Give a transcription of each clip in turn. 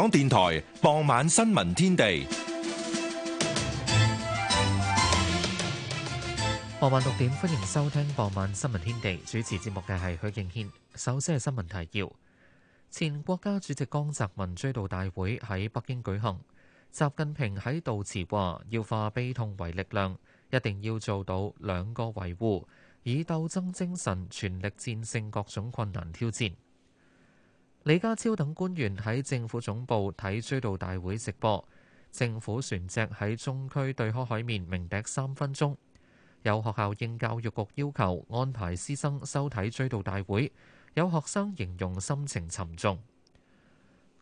港電台傍晚新聞天地，傍晚六點，歡迎收聽傍晚新聞天地。主持節目嘅係許敬軒。首先係新聞提要：前國家主席江澤民追悼大會喺北京舉行，習近平喺悼詞話要化悲痛為力量，一定要做到兩個維護，以鬥爭精神全力戰勝各種困難挑戰。李家超等官員喺政府總部睇追悼大會直播。政府船隻喺中區對開海面鳴笛三分鐘。有學校應教育局要求安排師生收睇追悼大會，有學生形容心情沉重。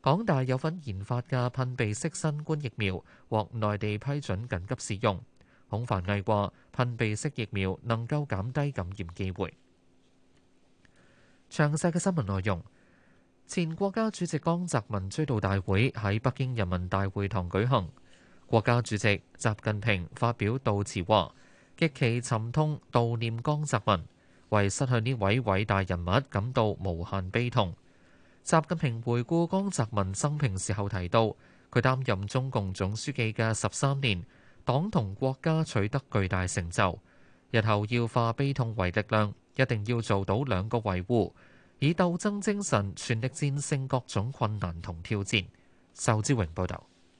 港大有份研發嘅噴鼻式新冠疫苗獲內地批准緊急使用。孔繁毅話：噴鼻式疫苗能夠減低感染機會。詳細嘅新聞內容。前國家主席江澤民追悼大會喺北京人民大會堂舉行，國家主席習近平發表悼詞話：極其沉痛悼念江澤民，為失去呢位偉大人物感到無限悲痛。習近平回顧江澤民生平時候提到，佢擔任中共總書記嘅十三年，黨同國家取得巨大成就。日後要化悲痛為力量，一定要做到兩個維護。以鬥爭精神，全力戰勝各種困難同挑戰。仇志榮報導。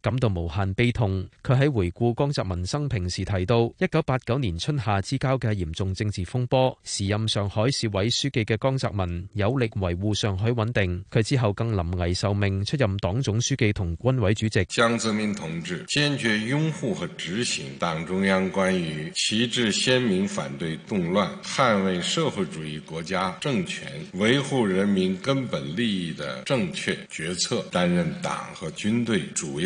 感到無限悲痛。佢喺回顧江澤民生平時提到，一九八九年春夏之交嘅嚴重政治風波，時任上海市委書記嘅江澤民有力維護上海穩定。佢之後更臨危受命出任黨總書記同軍委主席。江澤民同志堅決擁護和執行黨中央關於旗幟鮮，鮮明反對動亂、捍衛社會主義國家政權、維護人民根本利益的正確決策，擔任黨和軍隊主要。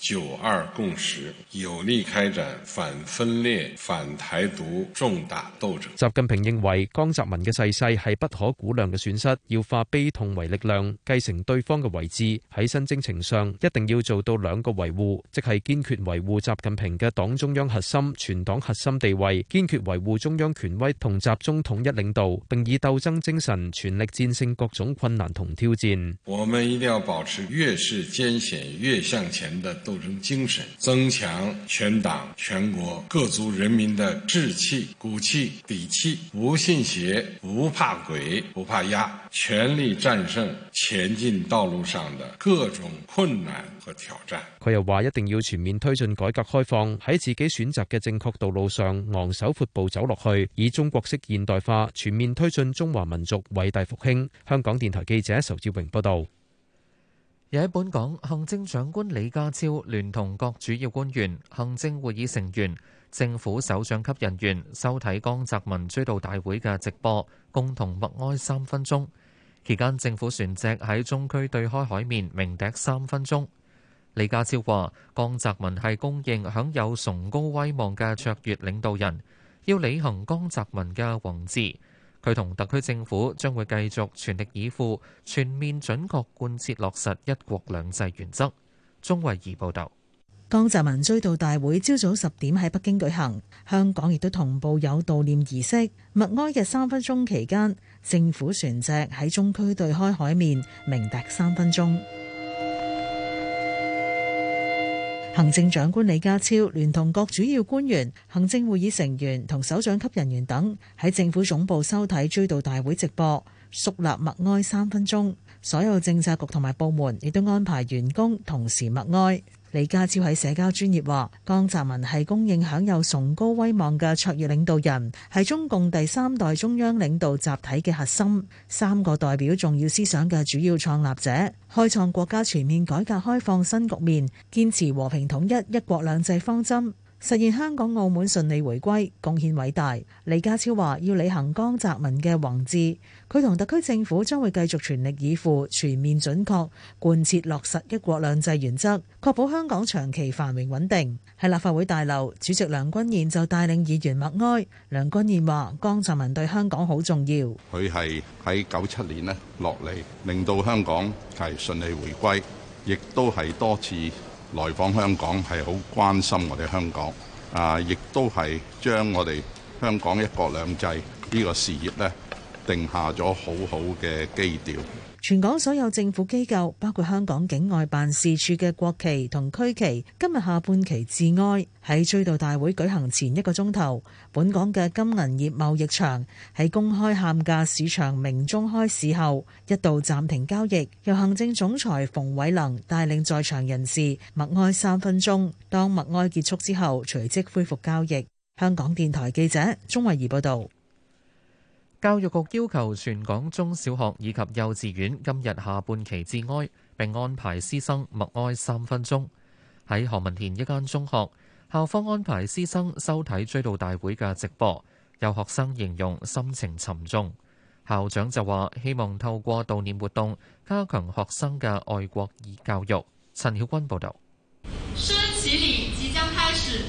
九二共識有力開展反分裂、反台獨重大鬥爭，習近平認為江澤民嘅逝世係不可估量嘅損失，要化悲痛為力量，繼承對方嘅位置，喺新征程上一定要做到兩個維護，即係堅決維護習近平嘅黨中央核心、全黨核心地位，堅決維護中央權威同集中統一領導，並以鬥爭精神全力戰勝各種困難同挑戰，我們一定要保持越是艱險越向前的。鬥爭精神，增強全黨全國各族人民的志氣、骨氣、底氣，不信邪，不怕鬼，不怕壓，全力戰勝前進道路上的各種困難和挑戰。佢又話：一定要全面推進改革開放，喺自己選擇嘅正確道路上昂首闊步走落去，以中國式現代化全面推進中華民族偉大復興。香港電台記者仇志榮報道。也喺本港，行政長官李家超聯同各主要官員、行政會議成員、政府首長級人員收睇江澤民追悼大會嘅直播，共同默哀三分鐘。期間，政府船隻喺中區對開海面鳴笛三分鐘。李家超話：江澤民係公認享有崇高威望嘅卓越領導人，要履行江澤民嘅宏志。佢同特區政府將會繼續全力以赴，全面準確貫徹落實一國兩制原則。鍾慧儀報道，江澤民追悼大會朝早十點喺北京舉行，香港亦都同步有悼念儀式，默哀嘅三分鐘期間，政府船隻喺中區對開海面鳴笛三分鐘。行政長官李家超聯同各主要官員、行政會議成員同首長級人員等喺政府總部收睇追悼大會直播，肅立默哀三分鐘。所有政策局同埋部門亦都安排員工同時默哀。李家超喺社交專頁話：江澤民係公認享有崇高威望嘅卓越領導人，係中共第三代中央領導集體嘅核心，三個代表重要思想嘅主要創立者，開創國家全面改革開放新局面，堅持和平統一、一國兩制方針。實現香港澳門順利回歸，貢獻偉大。李家超話：要履行江澤民嘅宏志，佢同特區政府將會繼續全力以赴，全面準確貫徹落實一國兩制原則，確保香港長期繁榮穩定。喺立法會大樓，主席梁君彥就帶領議員默哀。梁君彥話：江澤民對香港好重要，佢係喺九七年咧落嚟，令到香港係順利回歸，亦都係多次。來訪香港係好關心我哋香港，啊，亦都係將我哋香港一國兩制呢個事業咧。定下咗好好嘅基調，全港所有政府機構，包括香港境外辦事處嘅國旗同區旗，今日下半旗致哀。喺追悼大會舉行前一個鐘頭，本港嘅金銀業貿易場喺公開喊價市場明中開市後一度暫停交易，由行政總裁馮偉能帶領在場人士默哀三分鐘，當默哀結束之後，隨即恢復交易。香港電台記者鍾慧儀報道。教育局要求全港中小學以及幼稚園今日下半旗致哀，並安排師生默哀三分鐘。喺何文田一間中學，校方安排師生收睇追悼大會嘅直播，有學生形容心情沉重。校長就話希望透過悼念活動加強學生嘅愛國義教育。陳曉君報道。升旗禮即將開始，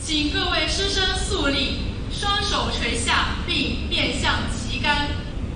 請各位師生肅立，雙手垂下並面向。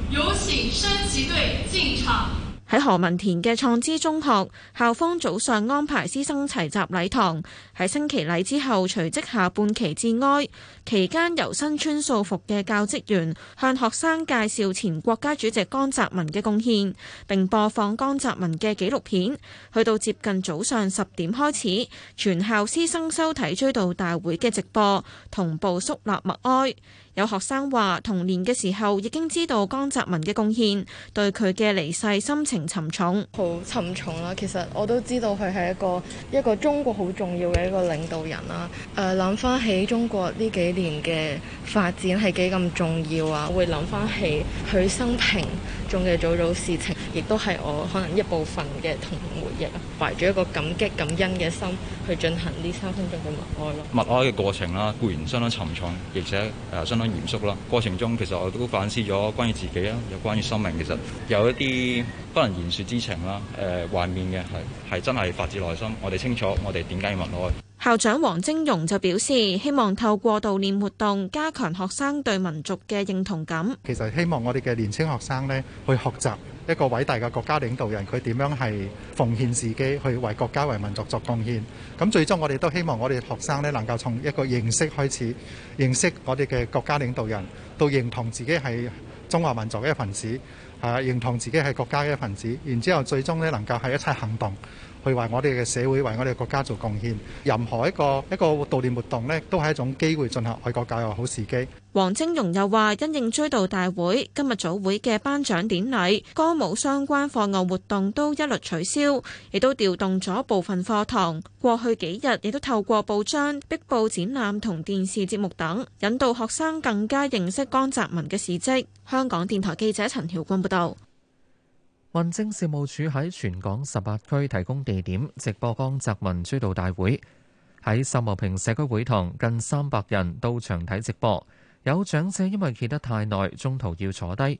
有請升旗隊進場。喺何文田嘅創知中學，校方早上安排師生齊集禮堂，喺升旗禮之後，隨即下半旗致哀。期間由新村素服嘅教職員向學生介紹前國家主席江澤民嘅貢獻，並播放江澤民嘅紀錄片。去到接近早上十點開始，全校師生收睇追悼大會嘅直播，同步肅立默哀。有學生話：童年嘅時候已經知道江澤民嘅貢獻，對佢嘅離世心情沉重，好沉重啦。其實我都知道佢係一個一個中國好重要嘅一個領導人啦。誒，諗翻起中國呢幾年年嘅發展係幾咁重要啊！我會諗翻起佢生平中嘅早早事情，亦都係我可能一部分嘅童年回憶，懷住一個感激、感恩嘅心去進行呢三分鐘嘅默哀咯。默哀嘅過程啦，固然相當沉重，而且誒，相當嚴肅啦。過程中其實我都反思咗關於自己啦，有關於生命，其實有一啲不能言說之情啦。誒、呃，懷緬嘅係係真係發自內心。我哋清楚我，我哋點解要默哀。校長黃晶榮就表示，希望透過悼念活動加強學生對民族嘅認同感。其實希望我哋嘅年輕學生呢，去學習一個偉大嘅國家領導人，佢點樣係奉獻自己，去為國家為民族作貢獻。咁最終我哋都希望我哋學生呢，能夠從一個認識開始，認識我哋嘅國家領導人，到認同自己係中華民族嘅一份子。係認同自己係國家嘅一分子，然之後最終咧能夠係一齊行動，去為我哋嘅社會、為我哋國家做貢獻。任何一個一個悼念活動咧，都係一種機會進行愛國教育好時機。黃晶容又話，因應追悼大會，今日早會嘅頒獎典禮、歌舞相關課外活動都一律取消，亦都調動咗部分課堂。過去幾日，亦都透過報章、壁報、展覽同電視節目等，引導學生更加認識江澤民嘅事蹟。香港電台記者陳曉君。報民政事務署喺全港十八區提供地點直播江澤民追悼大會喺深澳平社區會,會堂，近三百人到長睇直播，有長者因為企得太耐，中途要坐低。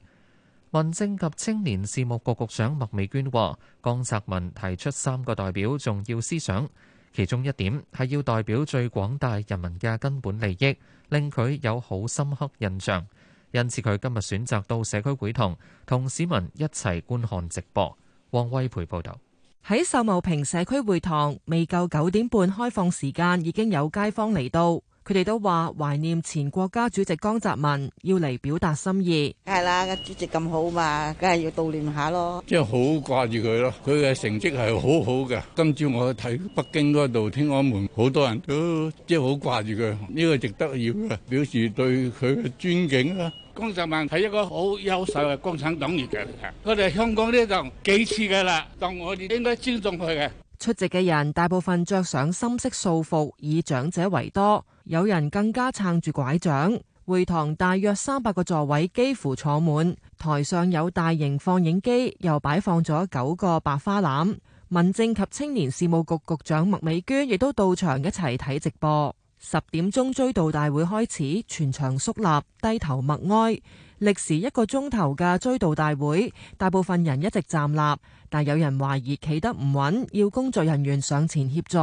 民政及青年事務局局長麥美娟話，江澤民提出三個代表重要思想，其中一點係要代表最廣大人民嘅根本利益，令佢有好深刻印象。因此佢今日選擇到社區會堂，同市民一齊觀看直播。黃威培報道：喺秀茂坪社區會堂，未夠九點半開放時間，已經有街坊嚟到。佢哋都話懷念前國家主席江澤民，要嚟表達心意。梗係啦，個主席咁好嘛，梗係要悼念下咯。即係好掛住佢咯，佢嘅成績係好好嘅。今朝我睇北京嗰度天安門，好多人都即係好掛住佢。呢個值得要表示對佢嘅尊敬啦。江澤民係一個好優秀嘅共產黨員嚟嘅，我哋香港呢就幾次嘅啦，當我哋應該尊重佢嘅。出席嘅人大部分着上深色素服，以長者為多，有人更加撐住拐杖。會堂大約三百個座位幾乎坐滿，台上有大型放映機，又擺放咗九個白花籃。民政及青年事務局局長麥美娟亦都到場一齊睇直播。十點鐘追悼大會開始，全場肅立，低頭默哀。歷時一個鐘頭嘅追悼大會，大部分人一直站立，但有人懷疑企得唔穩，要工作人員上前協助。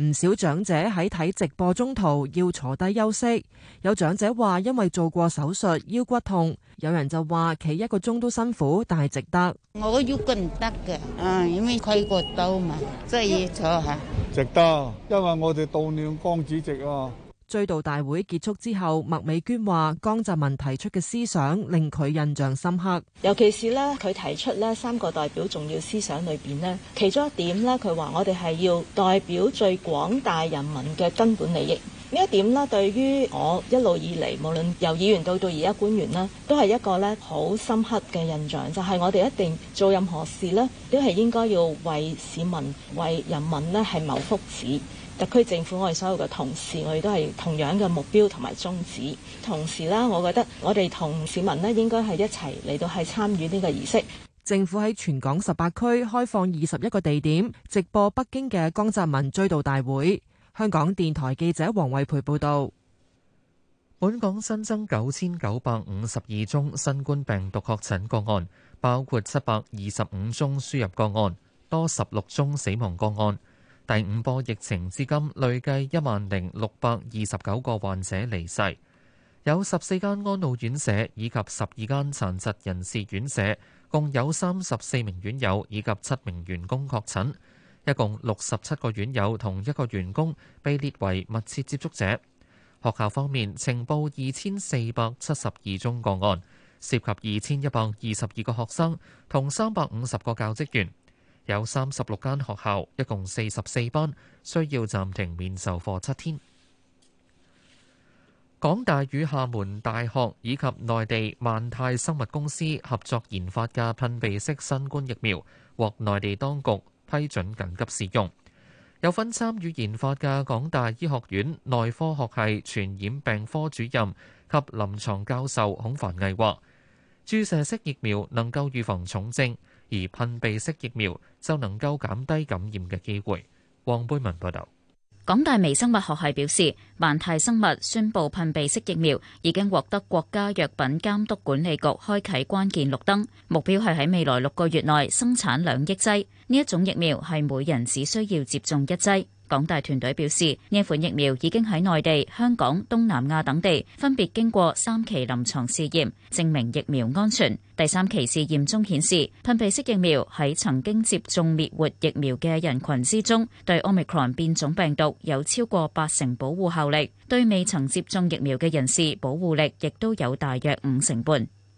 唔少長者喺睇直播中途要坐低休息。有長者話，因為做過手術腰骨痛，有人就話企一個鐘都辛苦，但係值得。我腰骨唔得嘅，啊、嗯，因為開過刀嘛，所以坐下。值得，因為我哋悼念江主席啊。追悼大會結束之後，麥美娟話江澤民提出嘅思想令佢印象深刻，尤其是咧佢提出呢三個代表重要思想裏邊咧，其中一點咧佢話我哋係要代表最廣大人民嘅根本利益，呢一點咧對於我一路以嚟無論由議員到到而家官員咧，都係一個咧好深刻嘅印象，就係我哋一定做任何事咧，都係應該要為市民、為人民咧係謀福祉。特區政府，我哋所有嘅同事，我哋都係同樣嘅目標同埋宗旨。同時啦，我覺得我哋同市民咧應該係一齊嚟到係參與呢個儀式。政府喺全港十八區開放二十一個地點直播北京嘅江澤民追悼大會。香港電台記者黃慧培報導。本港新增九千九百五十二宗新冠病毒確診個案，包括七百二十五宗輸入個案，多十六宗死亡個案。第五波疫情至今，累計一萬零六百二十九個患者離世，有十四間安老院舍以及十二間殘疾人士院舍，共有三十四名院友以及七名員工確診，一共六十七個院友同一個員工被列為密切接觸者。學校方面，呈報二千四百七十二宗個案，涉及二千一百二十二個學生同三百五十個教職員。有三十六間學校，一共四十四班，需要暫停面授課七天。港大與廈門大學以及內地萬泰生物公司合作研發嘅噴鼻式新冠疫苗獲內地當局批准緊急使用。有份參與研發嘅港大醫學院內科學系傳染病科主任及臨床教授孔凡毅話，注射式疫苗能夠預防重症。而噴鼻式疫苗就能夠減低感染嘅機會。黃貝文報道，港大微生物學系表示，萬泰生物宣布噴鼻式疫苗已經獲得國家藥品監督管理局開啟關鍵綠燈，目標係喺未來六個月內生產兩億劑。呢一種疫苗係每人只需要接種一劑。港大團隊表示，呢一款疫苗已經喺內地、香港、東南亞等地分別經過三期臨床試驗，證明疫苗安全。第三期試驗中顯示，噴鼻式疫苗喺曾經接種滅活疫苗嘅人群之中，對 Omicron 變種病毒有超過八成保護效力；對未曾接種疫苗嘅人士，保護力亦都有大約五成半。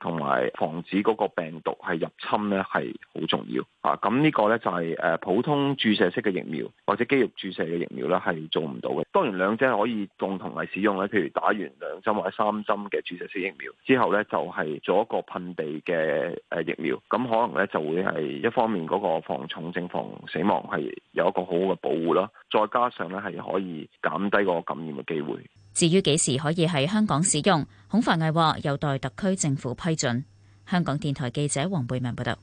同埋防止嗰個病毒係入侵咧係好重要嚇，咁、啊、呢個咧就係誒普通注射式嘅疫苗或者肌肉注射嘅疫苗咧係做唔到嘅。當然兩者可以共同嚟使用咧，譬如打完兩針或者三針嘅注射式疫苗之後咧，就係做一個噴鼻嘅誒疫苗，咁可能咧就會係一方面嗰個防重症、防死亡係有一個好好嘅保護啦，再加上咧係可以減低個感染嘅機會。至於幾時可以喺香港使用？孔凡毅話有待特區政府批准。香港電台記者黃貝文報道。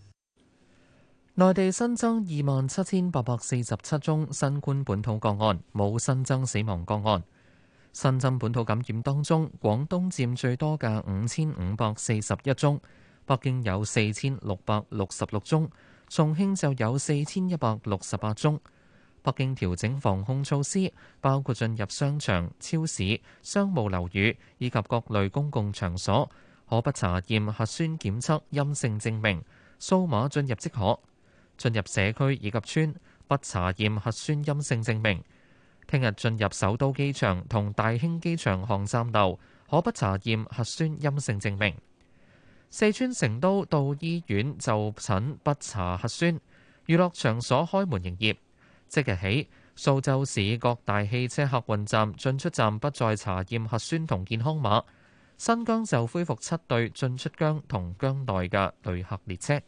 內地新增二萬七千八百四十七宗新冠本土個案，冇新增死亡個案。新增本土感染當中，廣東佔最多嘅五千五百四十一宗，北京有四千六百六十六宗，重慶就有四千一百六十八宗。北京調整防控措施，包括進入商場、超市、商務樓宇以及各類公共場所，可不查驗核酸檢測陰性證明，掃碼進入即可。進入社區以及村，不查驗核酸陰性證明。聽日進入首都機場同大興機場航站樓，可不查驗核酸陰性證明。四川成都到醫院就診不查核酸，娛樂場所開門營業。即日起，蘇州市各大汽車客運站進出站不再查驗核酸同健康碼。新疆就恢復七對進出疆同疆內嘅旅客列車。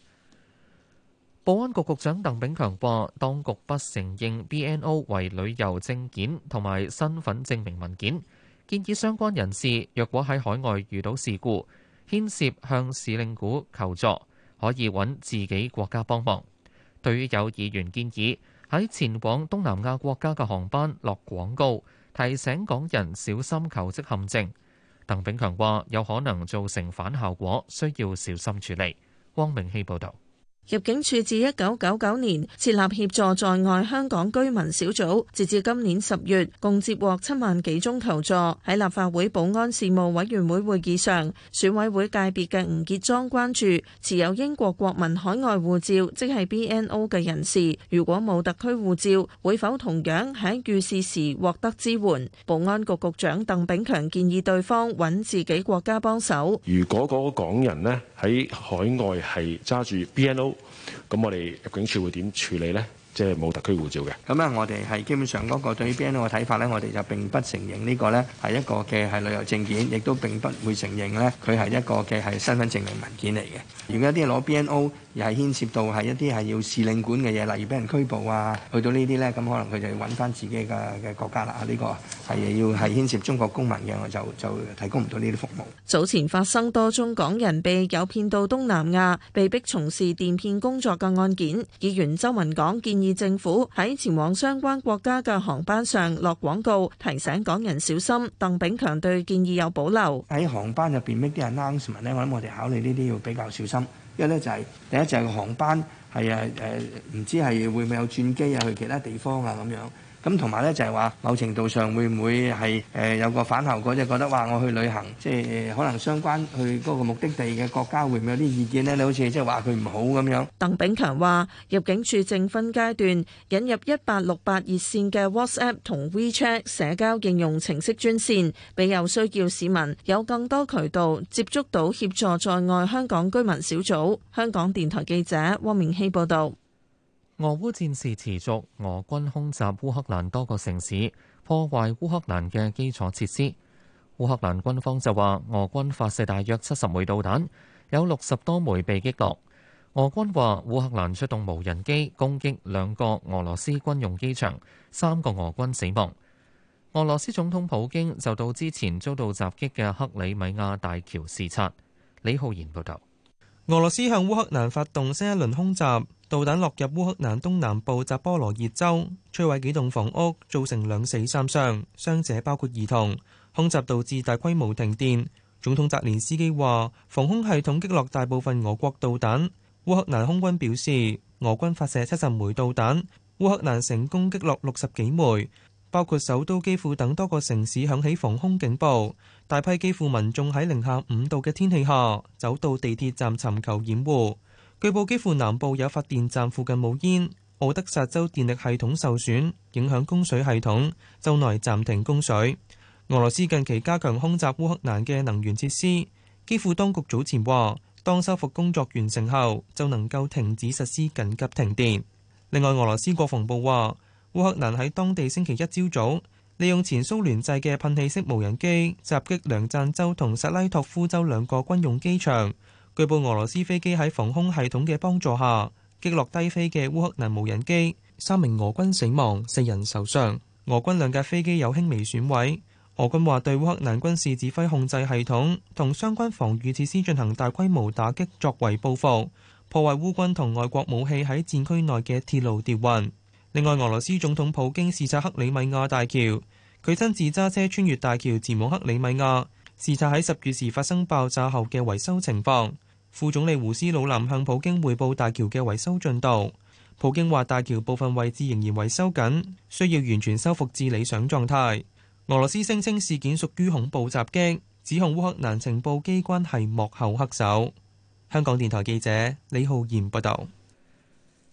保安局局長鄧炳強話，當局不承認 BNO 為旅遊證件同埋身份證明文件，建議相關人士若果喺海外遇到事故，牽涉向使領館求助，可以揾自己國家幫忙。對於有議員建議喺前往東南亞國家嘅航班落廣告，提醒港人小心求職陷阱，鄧炳強話有可能造成反效果，需要小心處理。汪明希報導。入境處自一九九九年設立協助在外香港居民小組，直至今年十月，共接獲七萬幾宗求助。喺立法會保安事務委員會會議上，選委會界別嘅吳傑莊關注持有英國國民海外護照即係 BNO 嘅人士，如果冇特區護照，會否同樣喺遇事時獲得支援？保安局局長鄧炳強建議對方揾自己國家幫手。如果嗰個港人呢，喺海外係揸住 BNO，咁我哋入境處會點處理咧？即係冇特區護照嘅。咁啊，我哋係基本上嗰個對於 BNO 嘅睇法咧，我哋就並不承認呢個咧係一個嘅係旅遊證件，亦都並不會承認咧佢係一個嘅係身份證明文件嚟嘅。而家啲人攞 BNO。又係牽涉到係一啲係要使領館嘅嘢，例如俾人拘捕啊，去到呢啲呢，咁可能佢就揾翻自己嘅嘅國家啦。呢、這個係要係牽涉中國公民嘅，我就就提供唔到呢啲服務。早前發生多宗港人被誘騙到東南亞，被逼從事電騙工作嘅案件。議員周文港建議政府喺前往相關國家嘅航班上落廣告，提醒港人小心。鄧炳強對建議有保留。喺航班入邊呢啲人 language 我諗我哋考慮呢啲要比較小心，一呢就係、是、第一。就係航班係啊誒，唔知係會唔會有轉機啊，去其他地方啊咁樣。咁同埋咧就係話，某程度上會唔會係誒有個反效果，就係覺得話，我去旅行，即係可能相關去嗰個目的地嘅國家會唔會有啲意見呢？你好似即係話佢唔好咁樣。鄧炳強話，入境處正分階段引入一八六八熱線嘅 WhatsApp 同 WeChat 社交應用程式專線，俾有需要市民有更多渠道接觸到協助在外香港居民小組。香港電台記者汪明希報導。俄烏戰事持續，俄軍空襲烏克蘭多個城市，破壞烏克蘭嘅基礎設施。烏克蘭軍方就話，俄軍發射大約七十枚導彈，有六十多枚被擊落。俄軍話，烏克蘭出動無人機攻擊兩個俄羅斯軍用機場，三個俄軍死亡。俄羅斯總統普京就到之前遭到襲擊嘅克里米亞大橋視察。李浩然報導。俄羅斯向烏克蘭發動新一輪空襲，導彈落入烏克蘭東南部扎波羅熱州，摧毀幾棟房屋，造成兩死三傷，傷者包括兒童。空襲導致大規模停電。總統澤連斯基話，防空系統擊落大部分俄國導彈。烏克蘭空軍表示，俄軍發射七十枚導彈，烏克蘭成功擊落六十幾枚。包括首都基輔等多個城市響起防空警報，大批基輔民眾喺零下五度嘅天氣下走到地鐵站尋求掩護，據報基輔南部有發電站附近冒煙，奧德薩州電力系統受損，影響供水系統，州內暫停供水。俄羅斯近期加強空襲烏克蘭嘅能源設施，基輔當局早前話，當修復工作完成後，就能夠停止實施緊急停電，另外，俄羅斯國防部話。烏克蘭喺當地星期一朝早，利用前蘇聯製嘅噴氣式無人機襲擊梁贊州同薩拉托夫州兩個軍用機場。據報俄羅斯飛機喺防空系統嘅幫助下擊落低飛嘅烏克蘭無人機，三名俄軍死亡，四人受傷。俄軍兩架飛機有輕微損毀。俄軍話對烏克蘭軍事指揮控制系統同相關防禦設施進行大規模打擊，作為報復，破壞烏軍同外國武器喺戰區內嘅鐵路調運。另外，俄羅斯總統普京視察克里米亞大橋，佢親自揸車穿越大橋前往克里米亞，視察喺十月時發生爆炸後嘅維修情況。副總理胡斯魯林向普京匯報大橋嘅維修進度。普京話大橋部分位置仍然維修緊，需要完全修復至理想狀態。俄羅斯聲稱事件屬於恐怖襲擊，指控烏克蘭情報機關係幕後黑手。香港電台記者李浩然報道。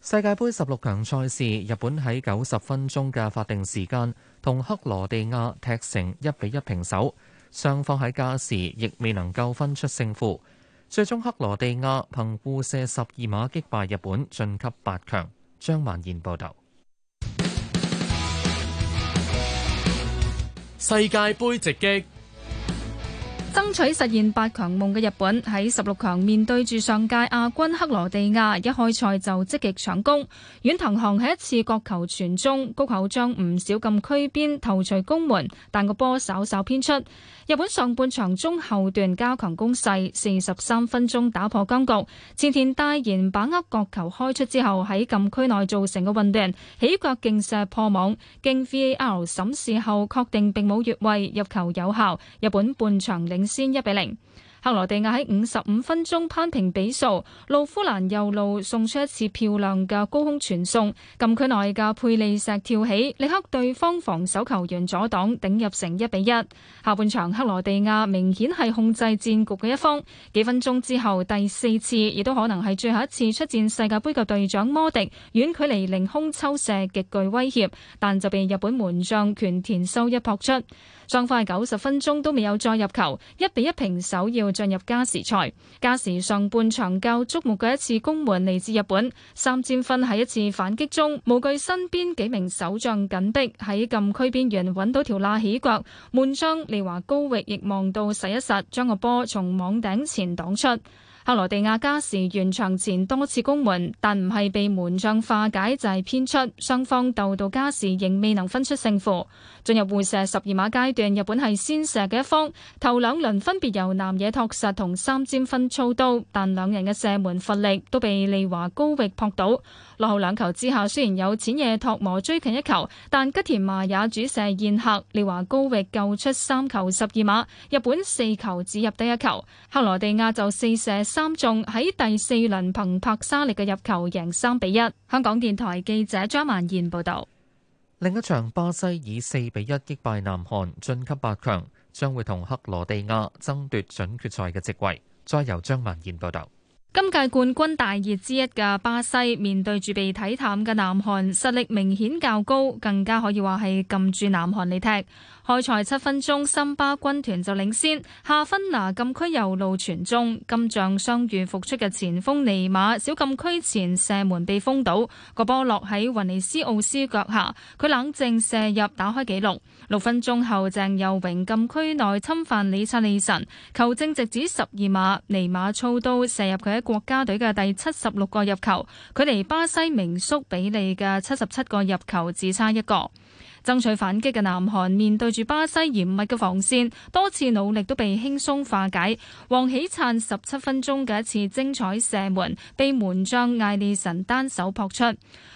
世界盃十六強賽事，日本喺九十分鐘嘅法定時間同克羅地亞踢成一比一平手，雙方喺加時亦未能夠分出勝負，最終克羅地亞憑互射十二碼擊敗日本晉級八強。張曼燕報道。世界盃直擊。爭取實現八強夢嘅日本喺十六強面對住上屆亞軍克羅地亞，一開賽就積極搶攻。遠藤航喺一次角球傳中，谷口將唔少禁區邊頭錘攻門，但個波稍稍偏出。日本上半場中後段加強攻勢，四十三分鐘打破僵局。前田大然把握角球開出之後喺禁區內造成嘅混亂，起腳勁射破網，經 VAR 審視後確定並冇越位，入球有效。日本半場領。1 先一比零，克羅地亞喺五十五分鐘攀平比數，路夫蘭右路送出一次漂亮嘅高空傳送，禁區內嘅佩利石跳起，力克對方防守球員阻擋，頂入成一比一。下半場克羅地亞明顯係控制戰局嘅一方，幾分鐘之後第四次，亦都可能係最後一次出戰世界杯嘅隊長摩迪遠距離凌空抽射，極具威脅，但就被日本門將權田修一撲出。雙方九十分鐘都未有再入球，一比一平手，要進入加時賽。加時上半場較觸目嘅一次攻門嚟自日本，三戰分喺一次反擊中，無懼身邊幾名守將緊逼喺禁區邊緣揾到條罅起腳，門將利華高域亦望到實一實，將個波從網頂前擋出。克羅地亞加時完場前多次攻門，但唔係被門將化解就係偏出，雙方鬥到加時仍未能分出勝負。進入互射十二碼階段，日本係先射嘅一方，頭兩輪分別由南野拓實同三笘薰操刀，但兩人嘅射門乏力都被利華高域撲倒。落後兩球之下，雖然有淺野拓磨追近一球，但吉田麻也主射宴客，利華高域救出三球十二碼，日本四球只入得一球，克羅地亞就四射。三眾喺第四輪憑柏沙力嘅入球，贏三比一。香港電台記者張萬燕報道。另一場巴西以四比一擊敗南韓晉級八強，將會同克羅地亞爭奪準決賽嘅席位。再由張萬燕報道。今屆冠軍大熱之一嘅巴西面對住被睇淡嘅南韓，實力明顯較高，更加可以話係撳住南韓嚟踢。開賽七分鐘，森巴軍團就領先，夏芬拿禁區右路傳中，金像傷愈復出嘅前鋒尼馬小禁區前射門被封堵，個波落喺雲尼斯奧斯腳下，佢冷靜射入打開紀錄。六分鐘後，鄭又榮禁區內侵犯李察利臣，球證直指十二碼，尼馬操刀射入佢一，國家隊嘅第七十六個入球，距離巴西名宿比利嘅七十七個入球只差一個，爭取反擊嘅南韓面對住巴西嚴密嘅防線，多次努力都被輕鬆化解。黃喜燦十七分鐘嘅一次精彩射門，被門將艾利神單手撲出。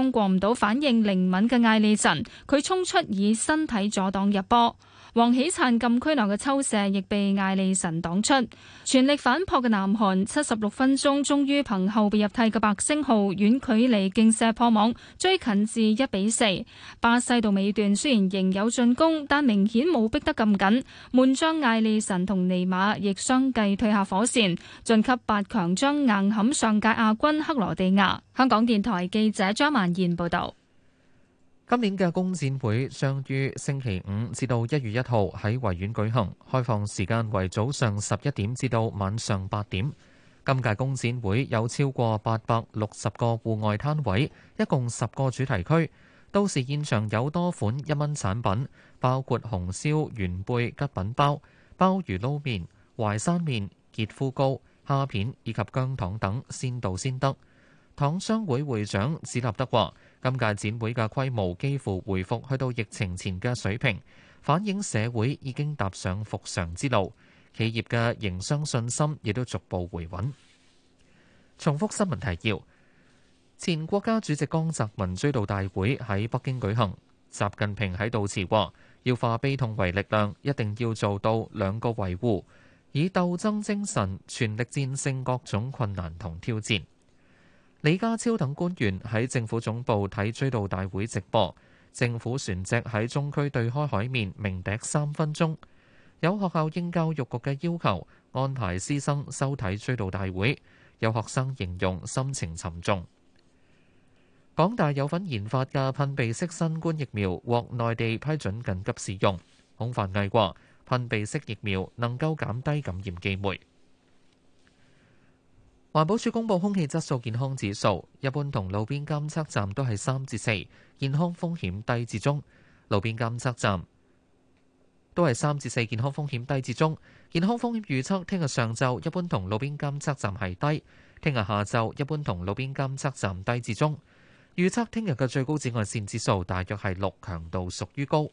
攻過唔到，反應靈敏嘅艾利臣，佢衝出以身體阻擋入波。王喜燦禁區內嘅抽射亦被艾利神擋出，全力反撲嘅南韓七十六分鐘終於憑後備入替嘅白星號遠距離勁射破網，追近至一比四。巴西到尾段雖然仍有進攻，但明顯冇逼得咁緊，門將艾利神同尼馬亦相繼退下火線，晉級八強將硬撼上屆亞軍克羅地亞。香港電台記者張曼燕報道。今年嘅工展會將於星期五至到一月一號喺維園舉行，開放時間為早上十一點至到晚上八點。今屆工展會有超過八百六十個戶外攤位，一共十個主題區，到時現場有多款一蚊產品，包括紅燒元貝吉品包、鮑魚撈麵、淮山麵、潔膚膏蝦片以及薑糖等，先到先得。廠商會會長史立德話，今屆展會嘅規模幾乎回復去到疫情前嘅水平，反映社會已經踏上復常之路，企業嘅營商信心亦都逐步回穩。重複新聞提要：前國家主席江澤民追悼大會喺北京舉行，習近平喺度致辭話，要化悲痛為力量，一定要做到兩個維護，以鬥爭精神全力戰勝各種困難同挑戰。李家超等官員喺政府總部睇追悼大會直播，政府船隻喺中區對開海面鳴笛三分鐘。有學校應教育局嘅要求安排師生收睇追悼大會，有學生形容心情沉重。港大有份研發嘅噴鼻式新冠疫苗獲內地批准緊急使用，孔繁毅話噴鼻式疫苗能夠減低感染機會。環保署公布空氣質素健康指數，一般同路邊監測站都係三至四，4，健康風險低至中。路邊監測站都係三至四，4，健康風險低至中。健康風險預測聽日上晝一般同路邊監測站係低，聽日下晝一般同路邊監測站低至中。預測聽日嘅最高紫外線指數大約係六，強度屬於高。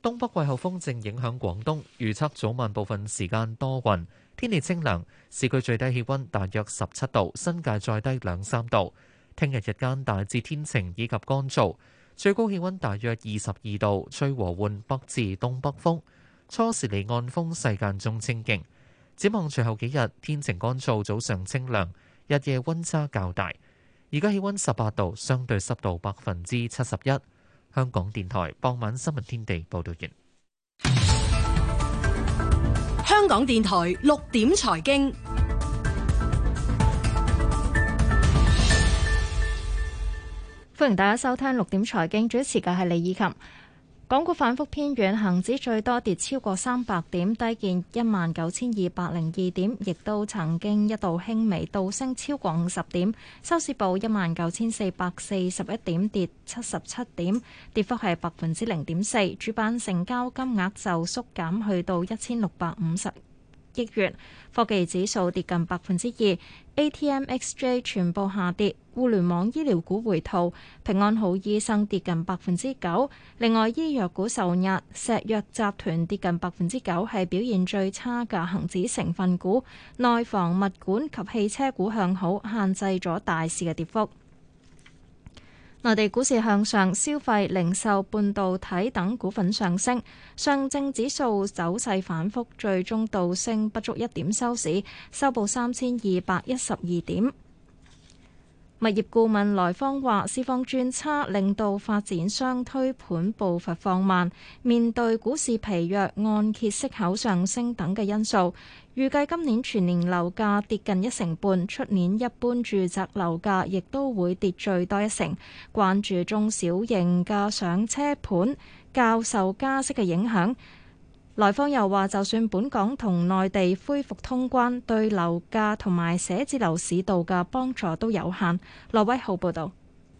東北季候風正影響廣東，預測早晚部分時間多雲。天氣清涼，市區最低氣溫大約十七度，新界再低兩三度。聽日日間大致天晴以及乾燥，最高氣溫大約二十二度，吹和緩北至東北風，初時離岸風勢間中清勁。展望隨後幾日，天晴乾燥，早上清涼，日夜温差較大。而家氣溫十八度，相對濕度百分之七十一。香港電台傍晚新聞天地報道完。香港電台六點財經，歡迎大家收聽六點財經，主持嘅係李綺琴。港股反覆偏軟，恒指最多跌超過三百點，低見一萬九千二百零二點，亦都曾經一度輕微倒升超過五十點，收市報一萬九千四百四十一點，跌七十七點，跌幅係百分之零點四。主板成交金額就縮減去到一千六百五十億元，科技指數跌近百分之二，ATMXJ 全部下跌，互聯網醫療股回吐，平安好醫生跌近百分之九。另外，醫藥股受壓，石藥集團跌近百分之九，係表現最差嘅恒指成分股。內房物管及汽車股向好，限制咗大市嘅跌幅。內地股市向上，消費、零售、半導體等股份上升。上證指數走勢反覆，最終倒升不足一點收市，收報三千二百一十二點。物業顧問來方話：市況轉差令到發展商推盤步伐放慢，面對股市疲弱、按揭息，息口上升等嘅因素。預計今年全年樓價跌近一成半，出年一般住宅樓價亦都會跌最多一成。關注中小型嘅上車盤較受加息嘅影響。來方又話，就算本港同內地恢復通關，對樓價同埋寫字樓市道嘅幫助都有限。羅威浩報導。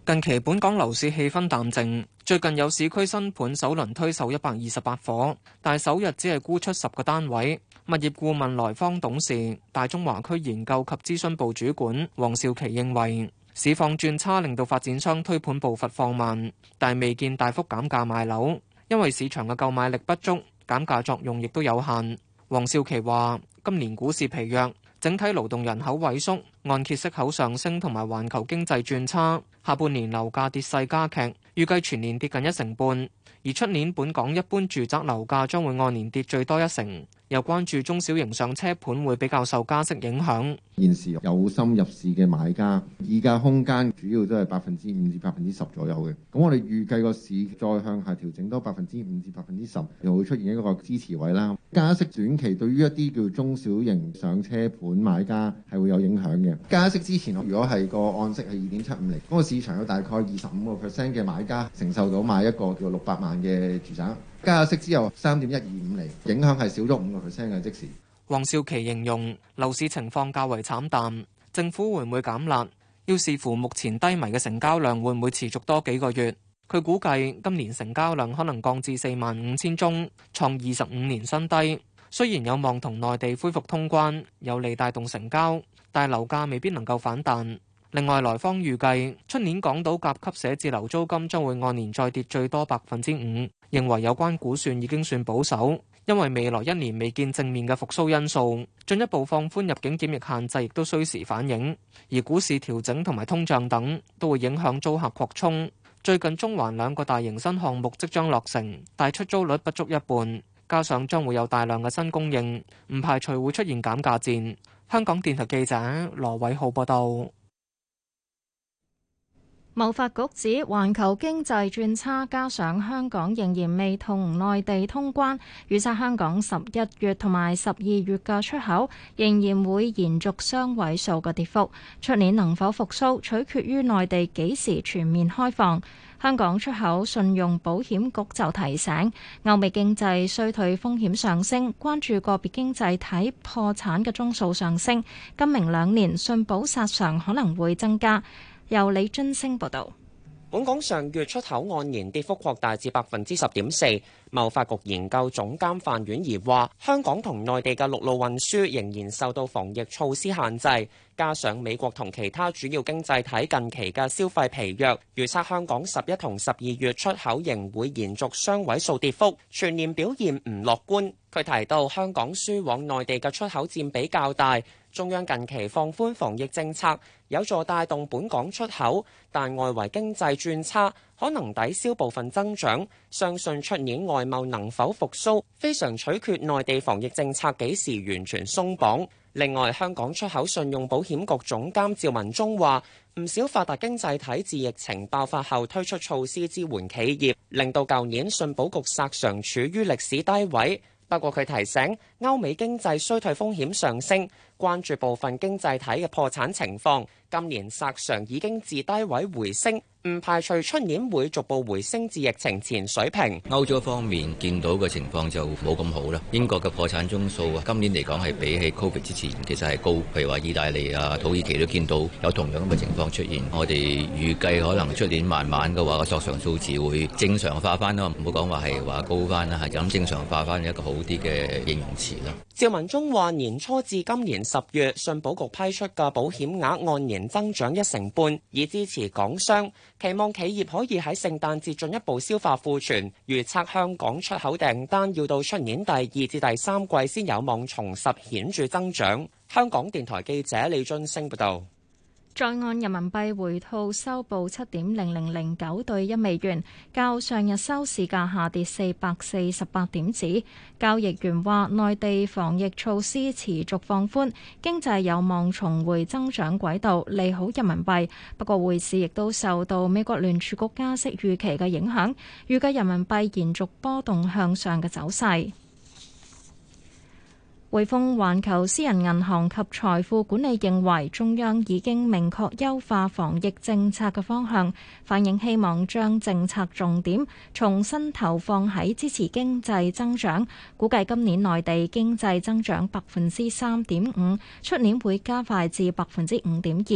近期本港樓市氣氛淡靜，最近有市區新盤首輪推售一百二十八伙，但首日只係沽出十個單位。物業顧問來方董事、大中華區研究及諮詢部主管黃兆琪認為，市況轉差令到發展商推盤步伐放慢，但未見大幅減價賣樓，因為市場嘅購買力不足，減價作用亦都有限。黃兆琪話：今年股市疲弱，整體勞動人口萎縮，按揭息口上升，同埋環球經濟轉差，下半年樓價跌勢加劇，預計全年跌近一成半，而出年本港一般住宅樓價將會按年跌最多一成。又關注中小型上車盤會比較受加息影響。現時有心入市嘅買家，議價空間主要都係百分之五至百分之十左右嘅。咁我哋預計個市再向下調整多百分之五至百分之十，又會出現一個支持位啦。加息短期對於一啲叫中小型上車盤買家係會有影響嘅。加息之前，如果係個按息係二點七五釐，嗰個市場有大概二十五個 percent 嘅買家承受到買一個叫六百萬嘅住宅。加息之後，三點一二五厘影響係少咗五個 percent 嘅，即時黃少琪形容樓市情況較為慘淡，政府會唔會減辣？要視乎目前低迷嘅成交量會唔會持續多幾個月。佢估計今年成交量可能降至四萬五千宗，創二十五年新低。雖然有望同內地恢復通關，有利帶動成交，但係樓價未必能夠反彈。另外，來方預計出年港島甲級寫字樓租金將會按年再跌最多百分之五。認為有關估算已經算保守，因為未來一年未見正面嘅復甦因素，進一步放寬入境檢疫限制亦都需時反映。而股市調整同埋通脹等都會影響租客擴充。最近中環兩個大型新項目即將落成，但出租率不足一半，加上將會有大量嘅新供應，唔排除會出現減價戰。香港電台記者羅偉浩報道。貿發局指環球經濟轉差，加上香港仍然未同內地通關，預測香港十一月同埋十二月嘅出口仍然會延續雙位數嘅跌幅。出年能否復甦，取決於內地幾時全面開放。香港出口信用保險局就提醒，歐美經濟衰退風險上升，關注個別經濟體破產嘅宗數上升。今明兩年信保殺傷可能會增加。由李津星報道，本港上月出口按年跌幅擴大至百分之十點四。貿發局研究總監范婉兒話：香港同內地嘅陸路運輸仍然受到防疫措施限制，加上美國同其他主要經濟體近期嘅消費疲弱，預測香港十一同十二月出口仍會延續雙位數跌幅，全年表現唔樂觀。佢提到，香港輸往內地嘅出口佔比較大。中央近期放寬防疫政策，有助帶動本港出口，但外圍經濟轉差，可能抵消部分增長。相信出年外貿能否復甦，非常取決內地防疫政策幾時完全鬆綁。另外，香港出口信用保險局總監趙文忠話：唔少發達經濟體自疫情爆發後推出措施支援企業，令到舊年信保局索償處於歷史低位。不過，佢提醒歐美經濟衰退風險上升。關注部分經濟體嘅破產情況，今年索償已經自低位回升。唔排除出年會逐步回升至疫情前水平。歐洲方面見到嘅情況就冇咁好啦。英國嘅破產宗數啊，今年嚟講係比起 COVID 之前其實係高。譬如話意大利啊、土耳其都見到有同樣咁嘅情況出現。我哋預計可能出年慢慢嘅話，個索償數字會正常化翻咯。唔好講話係話高翻啦，係咁正常化翻一個好啲嘅形容詞咯。趙文忠話：年初至今年十月，信保局批出嘅保險額按年增長一成半，以支持港商。期望企業可以喺聖誕節進一步消化庫存。預測香港出口訂單要到出年第二至第三季先有望重拾顯著增長。香港電台記者李俊升報導。在岸人民幣回吐收報七點零零零九對一美元，較上日收市價下跌四百四十八點子。交易員話，內地防疫措施持續放寬，經濟有望重回增長軌道，利好人民幣。不過，匯市亦都受到美國聯儲局加息預期嘅影響，預計人民幣延續波動向上嘅走勢。滙豐環球私人銀行及財富管理認為，中央已經明確優化防疫政策嘅方向，反映希望將政策重點重新投放喺支持經濟增長。估計今年內地經濟增長百分之三點五，出年會加快至百分之五點二。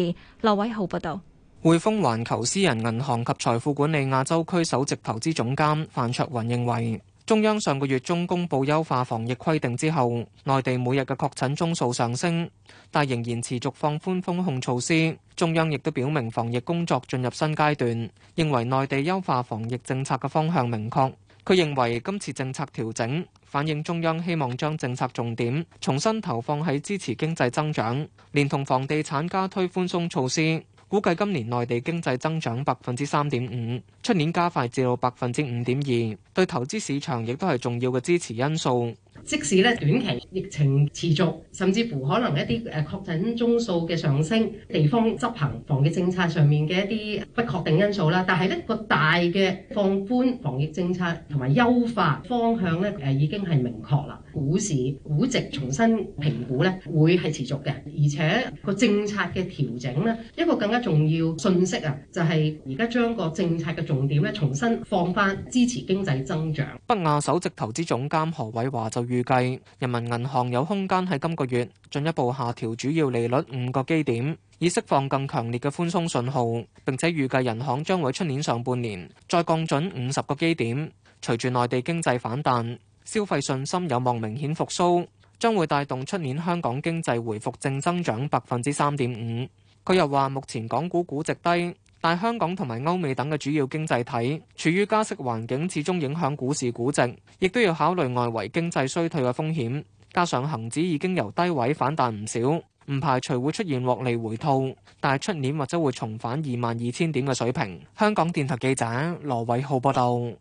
劉偉豪報道。滙豐環球私人銀行及財富管理亞洲區首席投資總監范卓雲認為。中央上個月中公布優化防疫規定之後，內地每日嘅確診宗數上升，但仍然持續放寬封控措施。中央亦都表明防疫工作進入新階段，認為內地優化防疫政策嘅方向明確。佢認為今次政策調整反映中央希望將政策重點重新投放喺支持經濟增長，連同房地產加推寬鬆措施。估計今年內地經濟增長百分之三點五，出年加快至到百分之五點二，對投資市場亦都係重要嘅支持因素。即使咧短期疫情持續，甚至乎可能一啲誒確診宗數嘅上升，地方執行防疫政策上面嘅一啲不確定因素啦，但係咧個大嘅放寬防疫政策同埋優化方向咧誒已經係明確啦。股市估值重新評估咧，會係持續嘅，而且個政策嘅調整咧，一個更加重要訊息啊，就係而家將個政策嘅重點咧重新放返支持經濟增長。北亞首席投資總監何偉華就，預計人民銀行有空間喺今個月進一步下調主要利率五個基點，以釋放更強烈嘅寬鬆信號。並且預計人行將會出年上半年再降準五十個基點。隨住內地經濟反彈，消費信心有望明顯復甦，將會帶動出年香港經濟回復正增長百分之三點五。佢又話，目前港股估值低。但香港同埋歐美等嘅主要經濟體處於加息環境，始終影響股市估值，亦都要考慮外圍經濟衰退嘅風險，加上恒指已經由低位反彈唔少，唔排除會出現獲利回吐，但係出年或者會重返二萬二千點嘅水平。香港電台記者羅偉浩報道。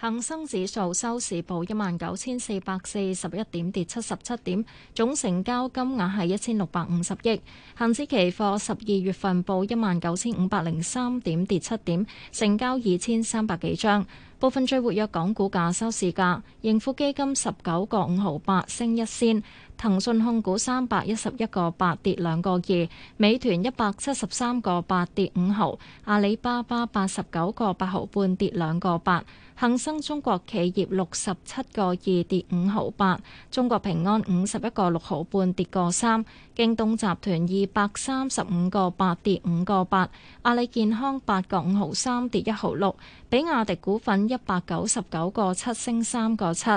恒生指數收市報一萬九千四百四十一點，跌七十七點，總成交金額係一千六百五十億。恒指期貨十二月份報一萬九千五百零三點，跌七點，成交二千三百幾張。部分最活躍港股價收市價，盈富基金十九個五毫八升一仙，騰訊控股三百一十一個八跌兩個二，美團一百七十三個八跌五毫，阿里巴巴八十九個八毫半跌兩個八。恒生中國企業六十七個二跌五毫八，中國平安五十一個六毫半跌個三，京東集團二百三十五個八跌五個八，阿里健康八個五毫三跌一毫六，比亞迪股份一百九十九個七升三個七，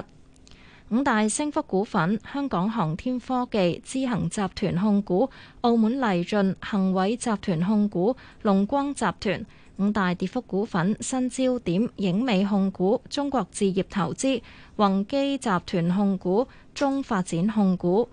五大升幅股份：香港航天科技、智行集團控股、澳門勵駿、恒偉集團控股、龍光集團。五大跌幅股份：新焦點、影美控股、中國置業投資、宏基集團控股、中發展控股。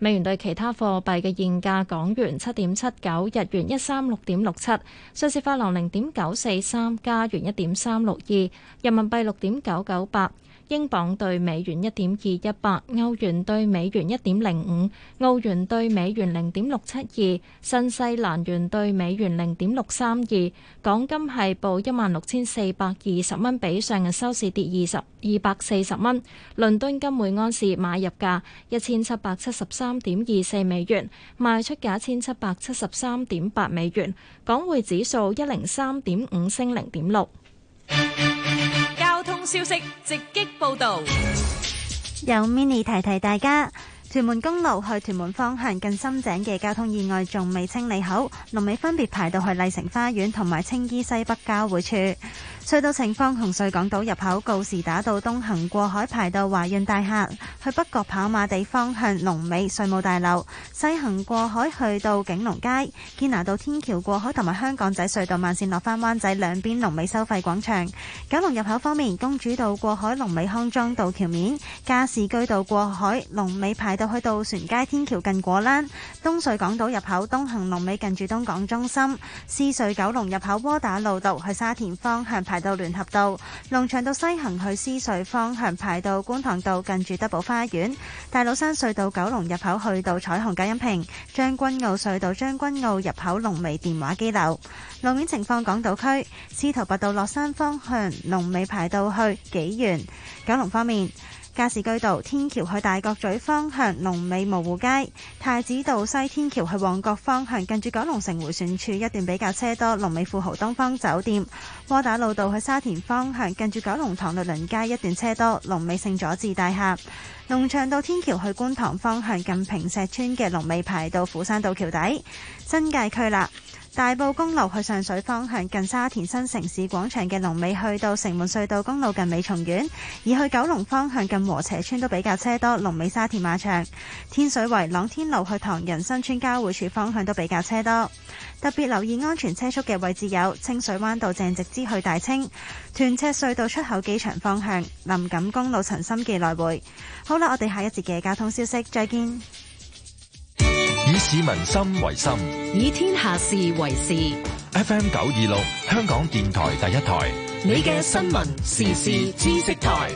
美元兌其他貨幣嘅現價：港元七點七九，日元一三六點六七，瑞士法郎零點九四三，加元一點三六二，人民幣六點九九八。英鎊兌美元一點二一八，歐元兌美元一點零五，澳元兌美元零點六七二，新西蘭元兌美元零點六三二。港金係報一萬六千四百二十蚊，比上日收市跌二十二百四十蚊。倫敦金每安士買入價一千七百七十三點二四美元，賣出價一千七百七十三點八美元。港匯指數一零三點五升零點六。消息直擊報道，有 Mini 提提大家，屯門公路去屯門方向近深井嘅交通意外仲未清理好，龍尾分別排到去麗城花園同埋青衣西北交匯處。隧道情況：紅隧港島入口告士打道東行過海排到華潤大廈，去北角跑馬地方向龍尾稅務大樓；西行過海去到景隆街，堅拿道天橋過海同埋香港仔隧道慢線落翻灣仔兩邊龍尾收費廣場。九龍入口方面，公主道過海龍尾康莊道橋面，加士居道過海龍尾排到去到船街天橋近果欄；東隧港島入口東行龍尾近住東港中心；獅隧九龍入口窩打老道去沙田方向排到聯合道、龍翔道西行去獅隧方向，排到觀塘道近住德寶花園；大老山隧道九龍入口去到彩虹隔音屏、將軍澳隧道將軍澳入口龍尾電話機樓。路面情況，港島區司徒拔道落山方向龍尾排到去紀元。九龍方面。加士居道天橋去大角咀方向，龍尾模糊街；太子道西天橋去旺角方向，近住九龍城回旋處一段比較車多；龍尾富豪東方酒店；窩打老道去沙田方向，近住九龍塘律倫街一段車多；龍尾聖佐治大廈；龍翔道天橋去觀塘方向，近平石村嘅龍尾排到斧山道橋底，新界區啦。大埔公路去上水方向，近沙田新城市廣場嘅龍尾去到城門隧道公路近美松苑，而去九龍方向近和斜村都比較車多，龍尾沙田馬場、天水圍朗天路去唐人新村交匯處方向都比較車多。特別留意安全車速嘅位置有清水灣道正直支去大清、屯赤隧道出口機場方向、林錦公路陳心記來回。好啦，我哋下一節嘅交通消息，再見。以市民心為心，以天下事為事。FM 九二六，香港電台第一台。你嘅新聞時事知識台，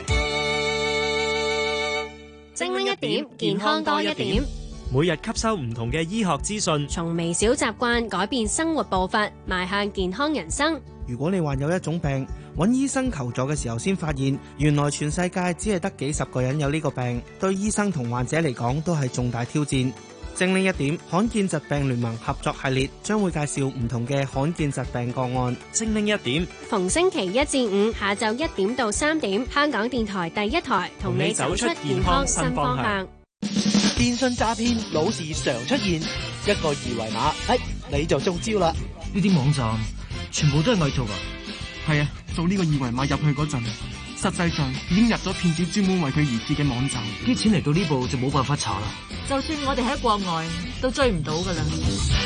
精靈一點，健康多一點。一點每日吸收唔同嘅醫學資訊，從微小習慣改變生活步伐，邁向健康人生。如果你患有一種病，揾醫生求助嘅時候，先發現原來全世界只係得幾十個人有呢個病，對醫生同患者嚟講都係重大挑戰。精靈一點，罕見疾病聯盟合作系列將會介紹唔同嘅罕見疾病個案。精靈一點，逢星期一至五下晝一點到三點，香港電台第一台同你，你走出健康新方向。電信詐騙老是常出現，一個二維碼，哎，你就中招啦！呢啲網站全部都係偽造噶，係啊，做呢個二維碼入去嗰陣。實際上已經入咗騙子專門為佢而設嘅網站，啲錢嚟到呢步就冇辦法查啦。就算我哋喺國外都追唔到㗎啦。